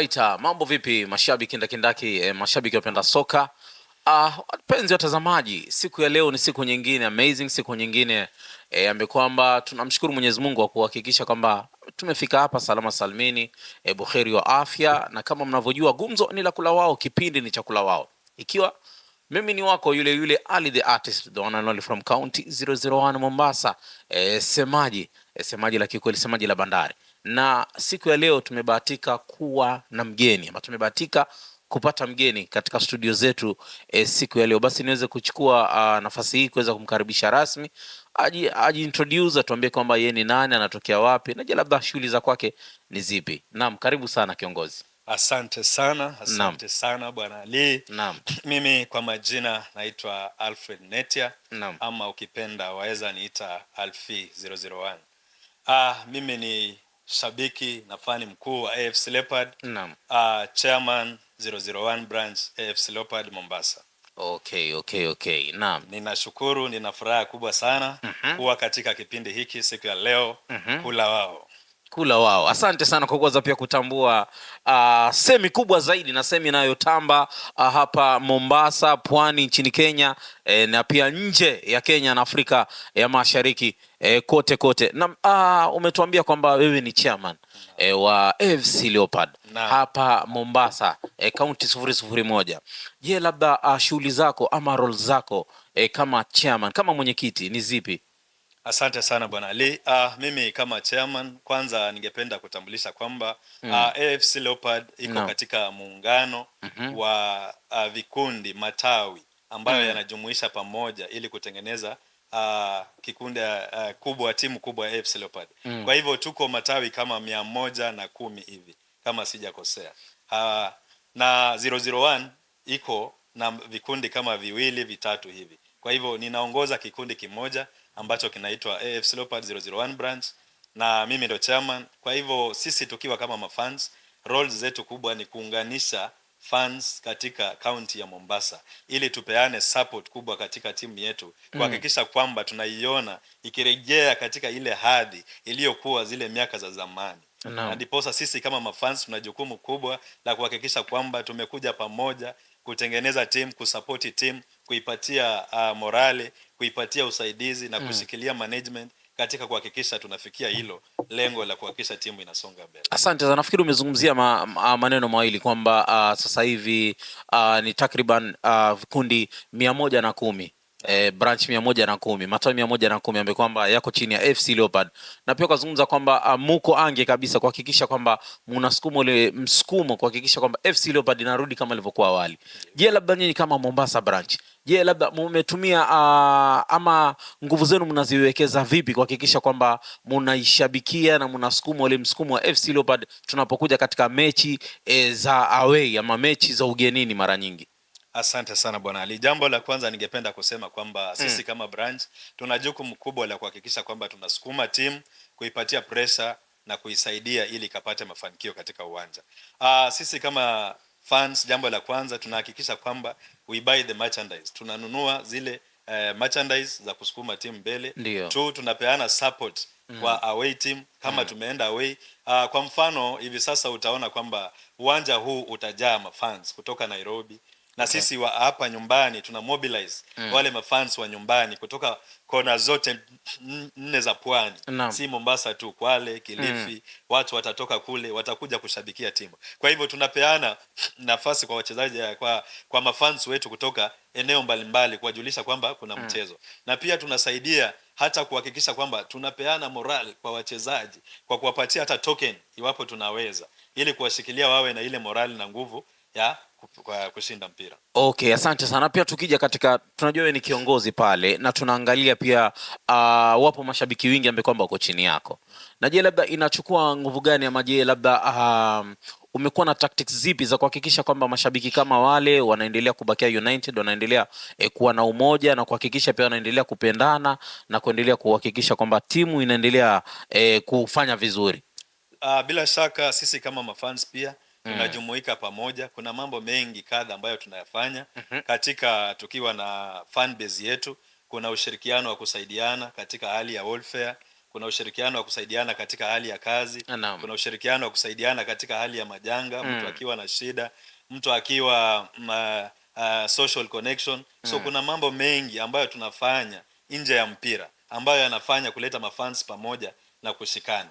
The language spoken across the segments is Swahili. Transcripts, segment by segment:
Alright, mambo vipi mashabiki ndakindaki eh, mashabiki wapenda soka ah, wapenzi uh, watazamaji, siku ya leo ni siku nyingine amazing, siku nyingine eh, ambayo kwamba tunamshukuru Mwenyezi Mungu kwa kuhakikisha kwamba tumefika hapa salama salmini, eh, buheri wa afya. Na kama mnavyojua gumzo ni la kula wao, kipindi ni kula wao, ikiwa mimi ni wako yule yule Ali the artist the one and only from county 001 Mombasa, eh, semaji eh, semaji la kikweli, semaji la bandari na siku ya leo tumebahatika kuwa na mgeni ama tumebahatika kupata mgeni katika studio zetu e, siku ya leo basi niweze kuchukua a, ah, nafasi hii kuweza kumkaribisha rasmi, ajiintroduce, atuambie kwamba yeye ni nani, anatokea wapi, na je, labda shughuli za kwake ni zipi? Naam, karibu sana kiongozi. Asante sana, asante Nam. sana bwana Ali. Naam. Mimi kwa majina naitwa Alfred Netia Nam. ama ukipenda waweza niita Alfi 001. Ah, mimi ni shabiki na fani mkuu wa AFC Leopard. Naam. Uh, chairman 001 branch AFC Leopard Mombasa. Okay, okay, okay. Naam. Ninashukuru, nina furaha kubwa sana mm -hmm. kuwa katika kipindi hiki siku ya leo mm -hmm. kula wao kula wao. Asante sana kwa kuweza pia kutambua uh, semi kubwa zaidi na semi inayotamba uh, hapa Mombasa, pwani nchini Kenya eh, na pia nje ya Kenya na Afrika ya Mashariki eh, kote kote na uh, umetuambia kwamba wewe ni chairman eh, wa AFC Leopard na hapa Mombasa eh, kaunti eh, sufuri sufuri moja. Je, labda uh, shughuli zako ama role zako eh, kama chairman kama mwenyekiti ni zipi? Asante sana Bwana Ali. Uh, mimi kama chairman kwanza ningependa kutambulisha kwamba mm. uh, ah, AFC Leopard iko no. katika muungano mm -hmm. wa uh, vikundi matawi ambayo mm -hmm. yanajumuisha pamoja ili kutengeneza uh, kikundi uh, kubwa timu kubwa ya AFC Leopard mm. Kwa hivyo tuko matawi kama mia moja na kumi hivi kama sijakosea. Uh, na 001 iko na vikundi kama viwili vitatu hivi. Kwa hivyo ninaongoza kikundi kimoja ambacho kinaitwa AFC Leopards 001 branch na mimi ndo chairman. Kwa hivyo sisi tukiwa kama mafans, roles zetu kubwa ni kuunganisha fans katika kaunti ya Mombasa ili tupeane support kubwa katika timu yetu kuhakikisha kwamba tunaiona ikirejea katika ile hadhi iliyokuwa zile miaka za zamani. No. Ndiposa sisi kama mafans tuna jukumu kubwa la kuhakikisha kwamba tumekuja pamoja kutengeneza timu, kusapoti timu, kuipatia uh, morale kuipatia usaidizi na mm. kushikilia management katika kuhakikisha tunafikia hilo lengo la kuhakikisha timu inasonga mbele. Asante sana. Nafikiri umezungumzia ma, ma, maneno mawili kwamba uh, sasa hivi uh, ni takriban uh, vikundi uh, mia moja na kumi E, branch mia moja na kumi matawi mia moja na kumi ambayo kwamba yako chini ya FC Leopard, na pia ukazungumza kwamba uh, muko ange kabisa kuhakikisha kwamba mnasukuma ule msukumo kuhakikisha kwamba FC Leopard inarudi kama ilivyokuwa awali. Je, labda nyinyi kama Mombasa branch Je, labda mmetumia uh, ah, ama nguvu zenu mnaziwekeza vipi kuhakikisha kwamba mnaishabikia na mnasukuma ule msukumo wa FC Leopard tunapokuja katika mechi e, za away ama mechi za ugenini mara nyingi? Asante sana Bwana Ali. Jambo la kwanza ningependa kusema kwamba hmm. sisi hmm, kama branch tuna jukumu kubwa la kuhakikisha kwamba tunasukuma timu kuipatia pressure na kuisaidia ili ikapate mafanikio katika uwanja. Aa, ah, sisi kama funds. Jambo la kwanza tunahakikisha kwamba we buy the merchandise, tunanunua zile uh, merchandise za kusukuma timu mbele. Tu tunapeana support mm. kwa away team kama mm. tumeenda away uh, kwa mfano hivi sasa utaona kwamba uwanja huu utajaa mafans kutoka Nairobi na okay. Sisi wa hapa nyumbani tuna mobilize mm. wale mafans wa nyumbani kutoka kona zote nne za pwani no. si Mombasa tu, Kwale, Kilifi mm. watu watatoka kule watakuja kushabikia timu. Kwa hivyo tunapeana nafasi kwa wachezaji eh, kwa, kwa mafans wetu kutoka eneo mbalimbali kuwajulisha kwamba kuna mm. mchezo na pia tunasaidia hata kuhakikisha kwamba tunapeana moral kwa wachezaji kwa kuwapatia hata token iwapo tunaweza, ili kuwashikilia wawe na ile moral na nguvu ya kushinda mpira. Okay, asante sana. Pia tukija katika, tunajua we ni kiongozi pale na tunaangalia pia uh, wapo mashabiki wingi ambaye kwamba uko chini yako, na je, labda inachukua nguvu gani ama je, labda uh, umekuwa na tactics zipi za kuhakikisha kwamba mashabiki kama wale wanaendelea kubakia united, wanaendelea e, kuwa na umoja na kuhakikisha pia wanaendelea kupendana na kuendelea kuhakikisha kwamba timu inaendelea e, kufanya vizuri? Uh, bila shaka sisi kama mafans pia Eh. tunajumuika pamoja. Kuna mambo mengi kadha ambayo tunayafanya mhm. katika tukiwa na fan base yetu. Kuna ushirikiano wa kusaidiana katika hali ya welfare, kuna ushirikiano wa kusaidiana katika hali ya kazi, ah, kuna ushirikiano wa kusaidiana katika hali ya majanga, mm. mtu akiwa na shida, mtu akiwa ma, mm, uh, ah, social connection. So mm. kuna mambo mengi ambayo tunafanya nje ya mpira ambayo yanafanya kuleta mafans pamoja na kusikana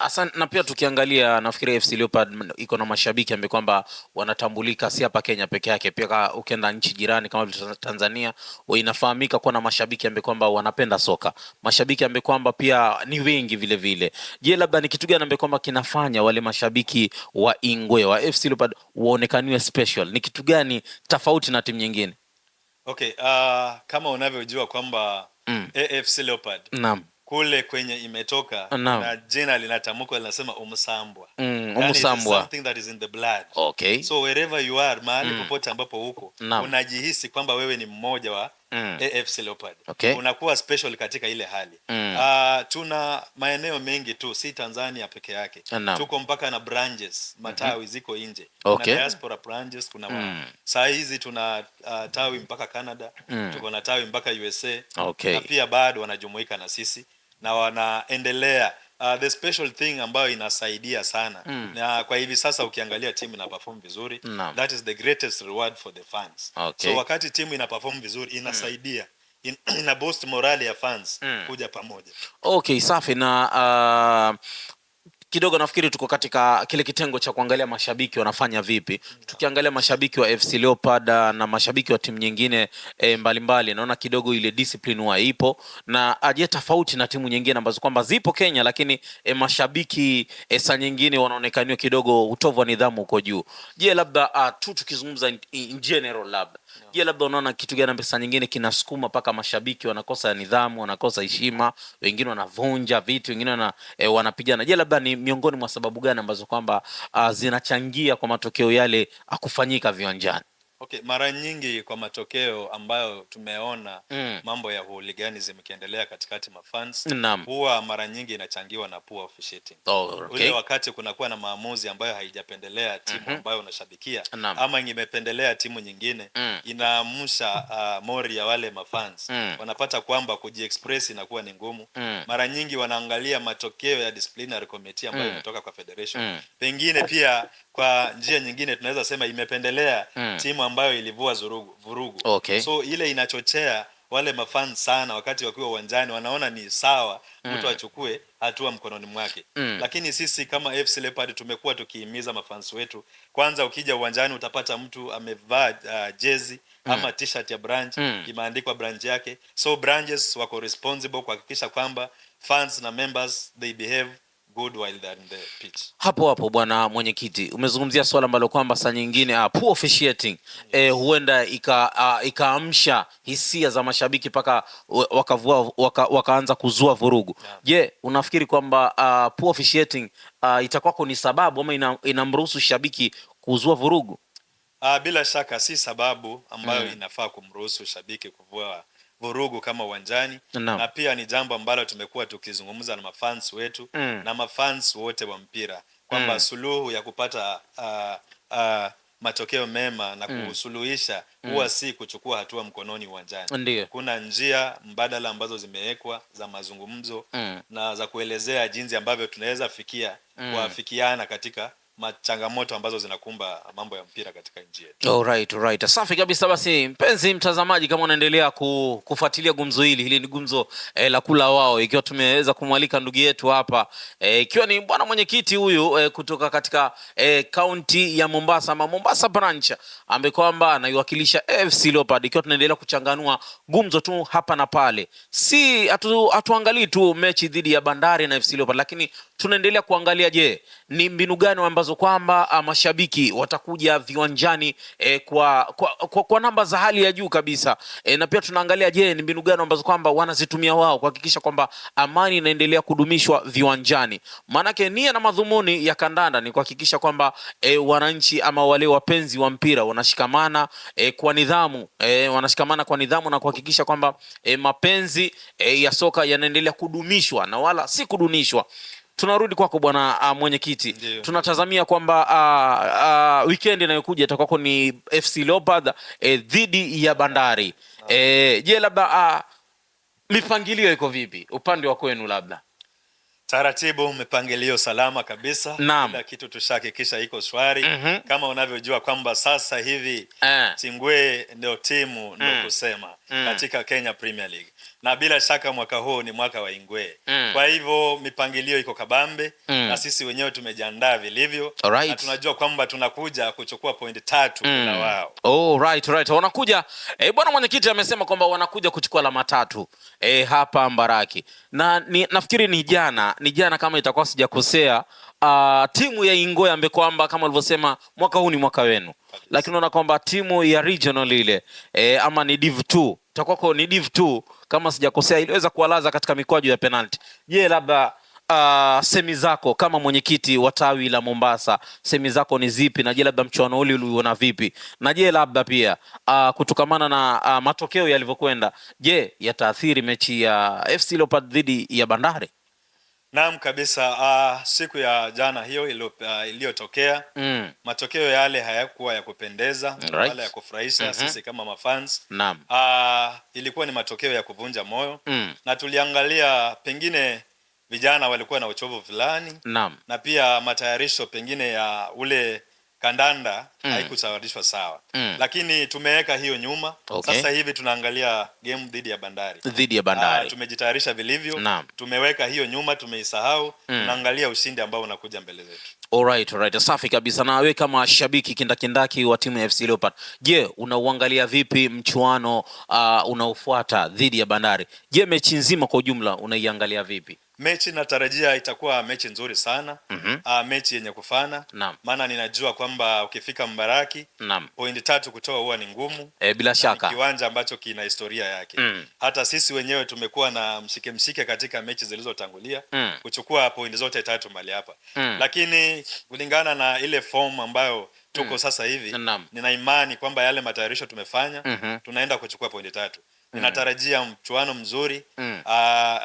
Asan, na pia tukiangalia nafikiri AFC Leopard iko na mashabiki ambaye kwamba wanatambulika si hapa Kenya peke yake, pia ukienda nchi jirani kama vile Tanzania inafahamika kuwa na mashabiki ambaye kwamba wanapenda soka, mashabiki ambaye kwamba pia ni wengi vile vile. Je, labda ni kitu gani ambaye kwamba kinafanya wale mashabiki wa Ingwe wa AFC Leopard waonekaniwe special? Ni kitu gani tofauti na timu nyingine? Okay, uh, kama unavyojua kwamba mm. AFC Leopard naam kule kwenye imetoka na jina linatamkwa linasema umsambwa mm, yaani umsambwa something that is in the blood okay. so wherever you are mahali mm. popote ambapo huko unajihisi kwamba wewe ni mmoja wa mm. AFC Leopard okay. unakuwa special katika ile hali mm. uh, tuna maeneo mengi tu si Tanzania peke yake Anam. tuko mpaka na branches mhm. matawi mm -hmm. ziko nje okay. kuna diaspora branches kuna mm. saa hizi tuna uh, tawi mpaka Canada mm. tuko na tawi mpaka USA okay. na pia bado wanajumuika na sisi na wanaendelea Uh, the special thing ambayo inasaidia sana mm. Na kwa hivi sasa ukiangalia timu ina perform vizuri no. That is the greatest reward for the fans okay. So wakati timu ina perform vizuri inasaidia mm. ina boost morale ya fans mm. kuja pamoja. Okay, safi na uh, kidogo nafikiri tuko katika kile kitengo cha kuangalia mashabiki wanafanya vipi. Tukiangalia mashabiki wa FC Leopard uh, na mashabiki wa timu nyingine e, mbalimbali, naona kidogo ile discipline huwa ipo na aje uh, tofauti na timu nyingine ambazo kwamba zipo Kenya, lakini e, mashabiki e, saa nyingine wanaonekaniwa kidogo utovu wa nidhamu uko juu. Je, labda uh, tu tukizungumza in, in general labda Je, labda unaona kitu gani pesa nyingine kinasukuma mpaka mashabiki wanakosa nidhamu, wanakosa heshima, wengine wanavunja vitu, wengine wana, e, wanapigana. Je, labda ni miongoni mwa sababu gani ambazo kwamba ah, zinachangia kwa matokeo yale akufanyika viwanjani? Okay, mara nyingi kwa matokeo ambayo tumeona mm. mambo ya hooliganism ikiendelea katikati mafans huwa mara nyingi inachangiwa na poor officiating. Oh, okay. Ule wakati kunakuwa na maamuzi ambayo haijapendelea timu mm -hmm. ambayo unashabikia Naam. ama imependelea timu nyingine mm. inaamsha uh, mori ya wale mafans mm. wanapata kwamba kujiexpress inakuwa ni ngumu mm. mara nyingi wanaangalia matokeo ya disciplinary committee ambayo mm. imetoka kwa federation mm. pengine pia kwa njia nyingine tunaweza sema imependelea mm. timu ambayo ilivua zurugu, vurugu okay. So ile inachochea wale mafan sana wakati wakiwa uwanjani wanaona ni sawa hmm. mtu mm. achukue hatua mkononi mwake mm. Lakini sisi kama FC Leopard tumekuwa tukihimiza mafans wetu, kwanza ukija uwanjani utapata mtu amevaa uh, jezi mm. ama t-shirt ya branch mm. imeandikwa branch yake, so branches wako responsible kuhakikisha kwamba fans na members they behave good while they're in the pitch. Hapo hapo bwana mwenyekiti, umezungumzia swala ambalo kwamba saa nyingine uh, poor officiating yes. Eh, huenda ah, ikaamsha uh, ika hisia za mashabiki mpaka wakavua waka, wakaanza kuzua vurugu. Je, yeah. unafikiri kwamba uh, poor officiating uh, itakwako ni sababu ama inamruhusu ina, shabiki kuzua vurugu? Uh, bila shaka si sababu ambayo mm. inafaa kumruhusu shabiki kuvua vurugu kama uwanjani no. Na pia ni jambo ambalo tumekuwa tukizungumza na mafans wetu mm. na mafans wote wa mpira kwamba mm. suluhu ya kupata uh, uh, matokeo mema na mm. kusuluhisha mm. huwa mm. si kuchukua hatua mkononi uwanjani. Ndiyo. Kuna njia mbadala ambazo zimewekwa za mazungumzo mm. na za kuelezea jinsi ambavyo tunaweza fikia mm. kuafikiana katika machangamoto ambazo zinakumba mambo ya mpira katika nchi yetu. Alright, right. Safi kabisa basi, mpenzi mtazamaji, kama unaendelea ku, kufuatilia gumzo hili hili ni gumzo eh, la kula wao, ikiwa tumeweza kumwalika ndugu yetu hapa eh, ikiwa eh, ni bwana mwenyekiti huyu eh, kutoka katika eh, kaunti eh, ya Mombasa ama Mombasa branch ambaye kwamba anaiwakilisha fc leopard ikiwa tunaendelea kuchanganua gumzo tu hapa na pale, si hatuangalii atu, tu mechi dhidi ya Bandari na fc leopard lakini tunaendelea kuangalia, je, ni mbinu gani ambazo kwamba ah, mashabiki watakuja viwanjani e, kwa, kwa, kwa, kwa namba za hali ya juu kabisa e, na pia tunaangalia, je, ni mbinu gani ambazo kwamba wanazitumia wao kuhakikisha kwamba amani inaendelea kudumishwa viwanjani. Maanake nia na madhumuni ya kandanda ni kuhakikisha kwamba e, wananchi ama wale wapenzi wa mpira wanashikamana e, kwa nidhamu e, wanashikamana kwa nidhamu na kuhakikisha kwamba e, mapenzi e, ya soka yanaendelea kudumishwa na wala si kudunishwa tunarudi kwako bwana uh, mwenyekiti. Tunatazamia kwamba uh, ah, uh, ah, wkend inayokuja itakwako ni FC Leopard eh, dhidi eh, ya Bandari eh, je, labda uh, mipangilio iko vipi upande wa kwenu? Labda taratibu, mipangilio salama kabisa, kila kitu tushahakikisha iko shwari mm -hmm. Kama unavyojua kwamba sasa hivi eh, Tingwe ndio timu ndio mm. kusema mm. katika Kenya Premier League na bila shaka mwaka huu ni mwaka wa Ingwe mm. kwa hivyo mipangilio iko kabambe mm. na sisi wenyewe tumejiandaa vilivyo right. na tunajua kwamba tunakuja kuchukua point tatu mm. na wao oh, right, right. wanakuja e, bwana mwenyekiti amesema kwamba wanakuja kuchukua alama tatu e, hapa Mbaraki na ni, nafikiri ni jana ni jana kama itakuwa sijakosea Uh, timu ya Ingwe ambe kwamba kama ulivyosema mwaka huu ni mwaka wenu, lakini unaona kwamba timu ya regional ile eh, ama ni div takwako ni div tu kama sijakosea, iliweza kuwalaza katika mikwaju ya penalti. Je, labda uh, semi zako kama mwenyekiti wa tawi la Mombasa, semi zako ni zipi? Na je labda mchuano ule uliona vipi? Na je labda pia uh, ah, kutokamana na uh, matokeo yalivyokwenda, je yataathiri mechi ya FC Leopards dhidi ya Bandari? Naam kabisa. Uh, siku ya jana hiyo ah, iliyotokea uh, mm. matokeo yale hayakuwa ya kupendeza right. wala ya kufurahisha mm -hmm. sisi kama mafans naam. Uh, ilikuwa ni matokeo ya kuvunja moyo mm. na tuliangalia pengine vijana walikuwa na uchovu fulani na pia matayarisho pengine ya ule kandanda mm. haikusawadishwa sawa mm. lakini tumeweka hiyo nyuma okay. Sasa hivi tunaangalia game dhidi ya Bandari, dhidi ya Bandari. Ah, tumejitayarisha vilivyo tumeweka hiyo nyuma, tumeisahau mm. tunaangalia ushindi ambao unakuja mbele zetu. Alright, alright. Safi kabisa. Na wewe kama shabiki kindakindaki wa timu ya FC Leopard, je, unauangalia vipi mchuano uh, unaofuata dhidi ya Bandari? Je, mechi nzima kwa ujumla unaiangalia vipi? mechi natarajia itakuwa mechi nzuri sana mm -hmm. A, ah, mechi yenye kufana maana ninajua kwamba ukifika Mbaraki pointi tatu kutoa huwa ni ngumu e, bila shaka kiwanja ambacho kina historia yake mm. Hata sisi wenyewe tumekuwa na mshike mshike katika mechi zilizotangulia mm. kuchukua pointi zote tatu mali hapa mm. Lakini kulingana na ile fomu ambayo tuko mm. sasa hivi nina imani kwamba yale matayarisho tumefanya mm -hmm. tunaenda kuchukua pointi tatu Ninatarajia mm. mchuano mzuri mm. uh,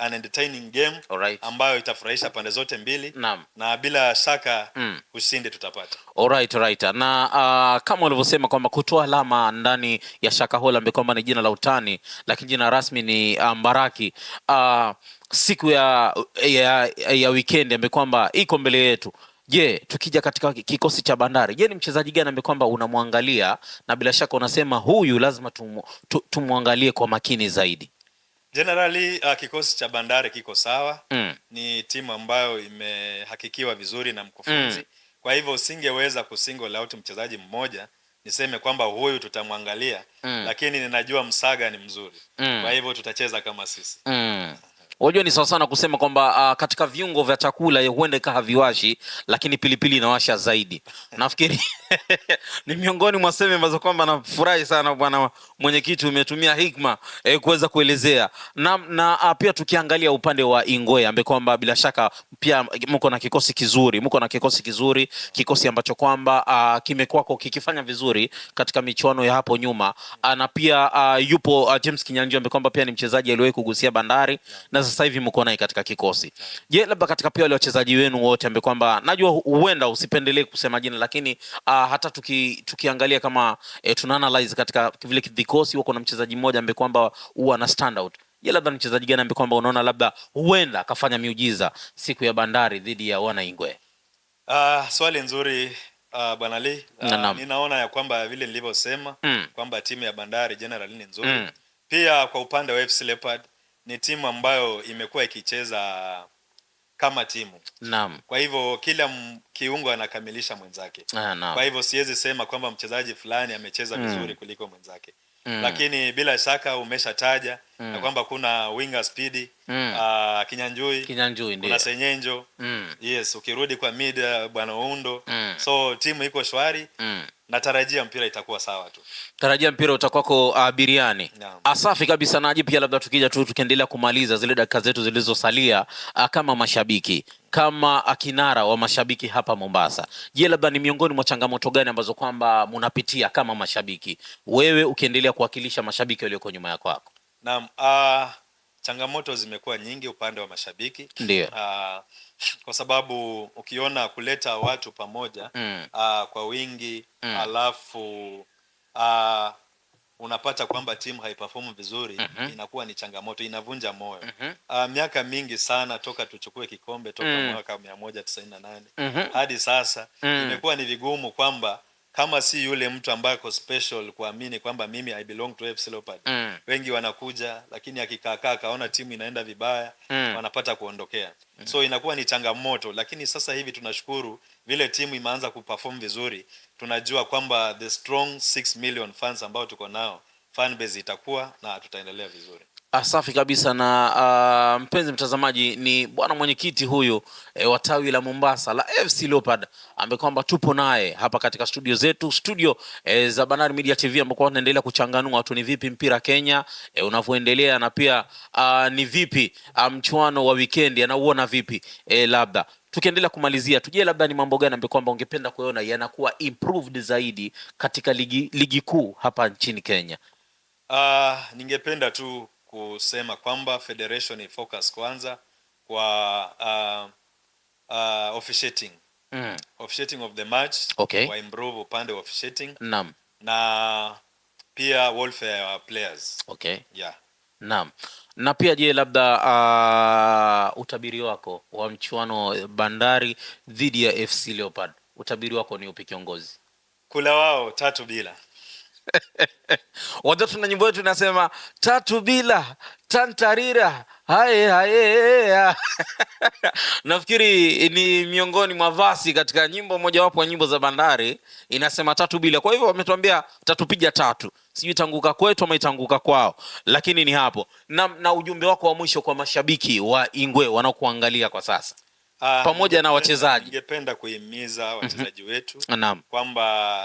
an entertaining game Alright. ambayo itafurahisha pande zote mbili Naam. na bila shaka mm. ushindi tutapata. Alright, Na uh, kama ulivyosema kwamba kutoa alama ndani ya Shaka Holambe kwamba ni jina la utani, lakini jina rasmi ni uh, Mbaraki uh, siku ya, ya, ya wikendi ambayo kwamba iko mbele yetu Je, tukija katika kikosi cha Bandari, je, ni mchezaji gani ambaye kwamba unamwangalia na bila shaka unasema huyu lazima tumwangalie kwa makini zaidi? Generally uh, kikosi cha Bandari kiko sawa mm. Ni timu ambayo imehakikiwa vizuri na mkufunzi mm. Kwa hivyo usingeweza kusingle out mchezaji mmoja niseme kwamba huyu tutamwangalia mm. Lakini ninajua Msaga ni mzuri mm. Kwa hivyo tutacheza kama sisi mm. Unajua ni sawa sana kusema kwamba uh, katika viungo vya chakula huenda ikawa haviwashi, lakini pilipili inawasha zaidi. Nafikiri ni miongoni mwa sehemu ambazo kwamba nafurahi sana bwana mwenyekiti, umetumia hikma eh, kuweza kuelezea na, na uh, pia tukiangalia upande wa Ingoya ambaye kwamba bila shaka pia mko na kikosi kizuri, mko na kikosi kizuri, kikosi ambacho kwamba uh, ah, kimekuwako kikifanya vizuri katika michuano ya hapo nyuma uh, na pia uh, yupo uh, James Kinyanjui ambaye kwamba pia ni mchezaji aliyewahi kugusia Bandari na sasa hivi mko naye katika kikosi. Je, labda katika pia wale wachezaji wenu wote ambao kwamba najua huenda usipendelee kusema jina lakini uh, hata tuki, tukiangalia kama eh, tuna analyze katika vile kikosi wako na mchezaji mmoja ambaye kwamba huwa na stand out. Je, labda mchezaji gani ambaye kwamba unaona labda huenda akafanya miujiza siku ya Bandari dhidi ya wana Ingwe? Uh, ah, swali nzuri Uh, Bwana Lee uh, ninaona ya kwamba vile nilivyosema mm. kwamba timu ya Bandari generally ni nzuri mm. pia kwa upande wa FC Leopard ni timu ambayo imekuwa ikicheza kama timu. Naam. Kwa hivyo kila kiungo anakamilisha mwenzake. Ah, naam. Kwa hivyo siwezi sema kwamba mchezaji fulani amecheza mm. vizuri mm. kuliko mwenzake. Mm. Lakini bila shaka umeshataja mm. na kwamba kuna winger speed mm. uh, Kinyanjui, Kinyanjui kuna Senyenjo mm. yes, ukirudi kwa mid ah, bwana Oundo mm. so timu iko shwari mm natarajia mpira itakuwa sawa tu, tarajia mpira utakwako uh, biriani Asafi kabisa. Naji pia labda tukija tu tukiendelea kumaliza zile dakika zetu zilizosalia, uh, kama mashabiki, kama akinara wa mashabiki hapa Mombasa, je, labda ni miongoni mwa changamoto gani ambazo kwamba munapitia kama mashabiki, wewe ukiendelea kuwakilisha mashabiki walioko nyuma yako? Naam, uh changamoto zimekuwa nyingi upande wa mashabiki ndio, uh, kwa sababu ukiona kuleta watu pamoja mm. uh, kwa wingi mm. alafu uh, unapata kwamba timu haipafomu vizuri mm -hmm. inakuwa ni changamoto, inavunja moyo mm -hmm. uh, miaka mingi sana toka tuchukue kikombe toka mm. mwaka 198 mm -hmm. hadi sasa mm. imekuwa ni vigumu kwamba kama si yule mtu ambaye ako special kuamini kwamba mimi I belong to FC Leopard. mm. Wengi wanakuja lakini akikaakaa akaona timu inaenda vibaya mm. wanapata kuondokea mm. So inakuwa ni changamoto, lakini sasa hivi tunashukuru vile timu imeanza kuperform vizuri, tunajua kwamba the strong 6 million fans ambao tuko nao fan base itakuwa na tutaendelea vizuri. Ah, safi kabisa na uh, mpenzi mtazamaji, ni bwana mwenyekiti huyu e, wa tawi la Mombasa la FC Leopard ambaye kwamba tupo naye hapa katika studio zetu studio e, za Banari Media TV ambako tunaendelea kuchanganua watu ni vipi mpira Kenya e, unavyoendelea na pia uh, ni vipi mchuano um, wa wikendi anauona vipi e, labda tukiendelea kumalizia tujie labda ni mambo gani ambayo kwamba ungependa kuona yanakuwa improved zaidi katika ligi, ligi kuu hapa nchini Kenya. Uh, ningependa tu kusema kwamba federation focus kwanza kwa uh, uh, officiating mm. officiating of the match okay. wa improve upande wa officiating naam, na pia welfare wa players okay. yeah. Naam. Na pia je, labda uh, utabiri wako wa mchuano Bandari dhidi ya FC Leopard, utabiri wako ni upi kiongozi? Kula wao tatu bila Watoto na nyimbo yetu inasema tatu bila tantarira haye haye. Nafikiri ni miongoni mwa vasi katika nyimbo mojawapo ya nyimbo za Bandari inasema tatu bila. Kwa hivyo wametuambia tatupija tatu, sijui tanguka kwetu ama itanguka kwao, lakini ni hapo na, na ujumbe wako wa mwisho kwa mashabiki wa Ingwe wanaokuangalia kwa sasa. Ah, pamoja na wachezaji. Ningependa kuhimiza mhm. wachezaji wetu kwamba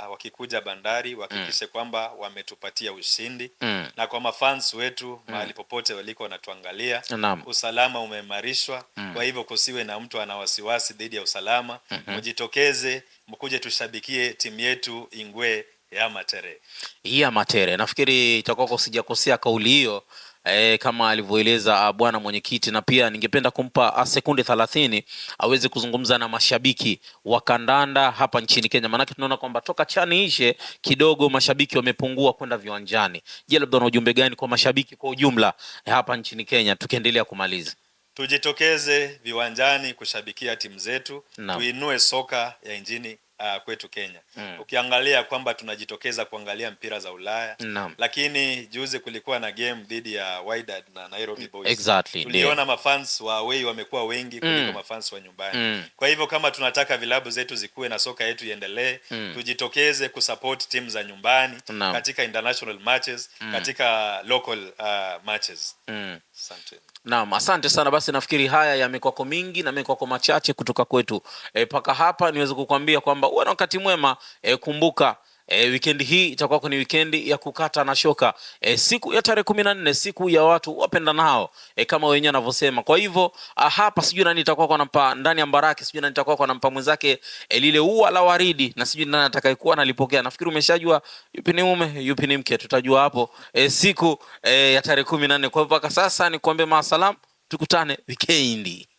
wakikuja Bandari wahakikishe mm. kwamba wametupatia ushindi mm. na kwa mafans wetu mm. mahali popote waliko wanatuangalia, usalama umeimarishwa mm. kwa hivyo kusiwe na mtu ana wasiwasi dhidi ya usalama mm -hmm. Mjitokeze mkuje tushabikie timu yetu Ingwe ya Matere. Ya Matere, nafikiri itakuwa sijakosea kauli hiyo e, kama alivyoeleza ah, bwana mwenyekiti, na pia ningependa kumpa ah, sekunde thelathini aweze kuzungumza na mashabiki wa kandanda hapa nchini Kenya, maanake tunaona kwamba toka chani ishe kidogo mashabiki wamepungua kwenda viwanjani. Je, labda una ujumbe gani kwa mashabiki kwa ujumla eh, hapa nchini Kenya, tukiendelea kumaliza? Tujitokeze viwanjani kushabikia timu zetu, tuinue soka ya nchini uh, kwetu Kenya mm. Ukiangalia kwamba tunajitokeza kuangalia mpira za Ulaya no. Lakini juzi kulikuwa na game dhidi ya Wydad na Nairobi Boys exactly, tuliona yeah. Mafans wa away wamekuwa wengi mm. kuliko mm. mafans wa nyumbani mm. Kwa hivyo kama tunataka vilabu zetu zikuwe na soka yetu iendelee mm. tujitokeze kusupport timu za nyumbani no. katika international matches mm. katika local uh, matches mm. Asante. Naam, asante sana. Basi nafikiri haya yamekwako mingi na mekwako machache kutoka kwetu mpaka e, paka hapa niweze kukwambia kwamba uwe na wakati mwema e, kumbuka E, eh, wikendi hii itakuwa ni wikendi ya kukata na shoka e, siku ya tarehe kumi na nne siku ya watu wapenda nao e, kama wenyewe anavyosema. Kwa hivyo ah, hapa sijui nani itakuwa kwa nampa ndani ya Mbaraki, sijui nani itakuwa kwa nampa mwenzake e, lile ua la waridi na sijui nani atakayekuwa nalipokea Nafikiri umeshajua yupi ni mume yupi ni mke, tutajua hapo e, siku e, ya tarehe kumi na nne. Kwa hivyo mpaka sasa nikuambie maasalam, tukutane wikendi.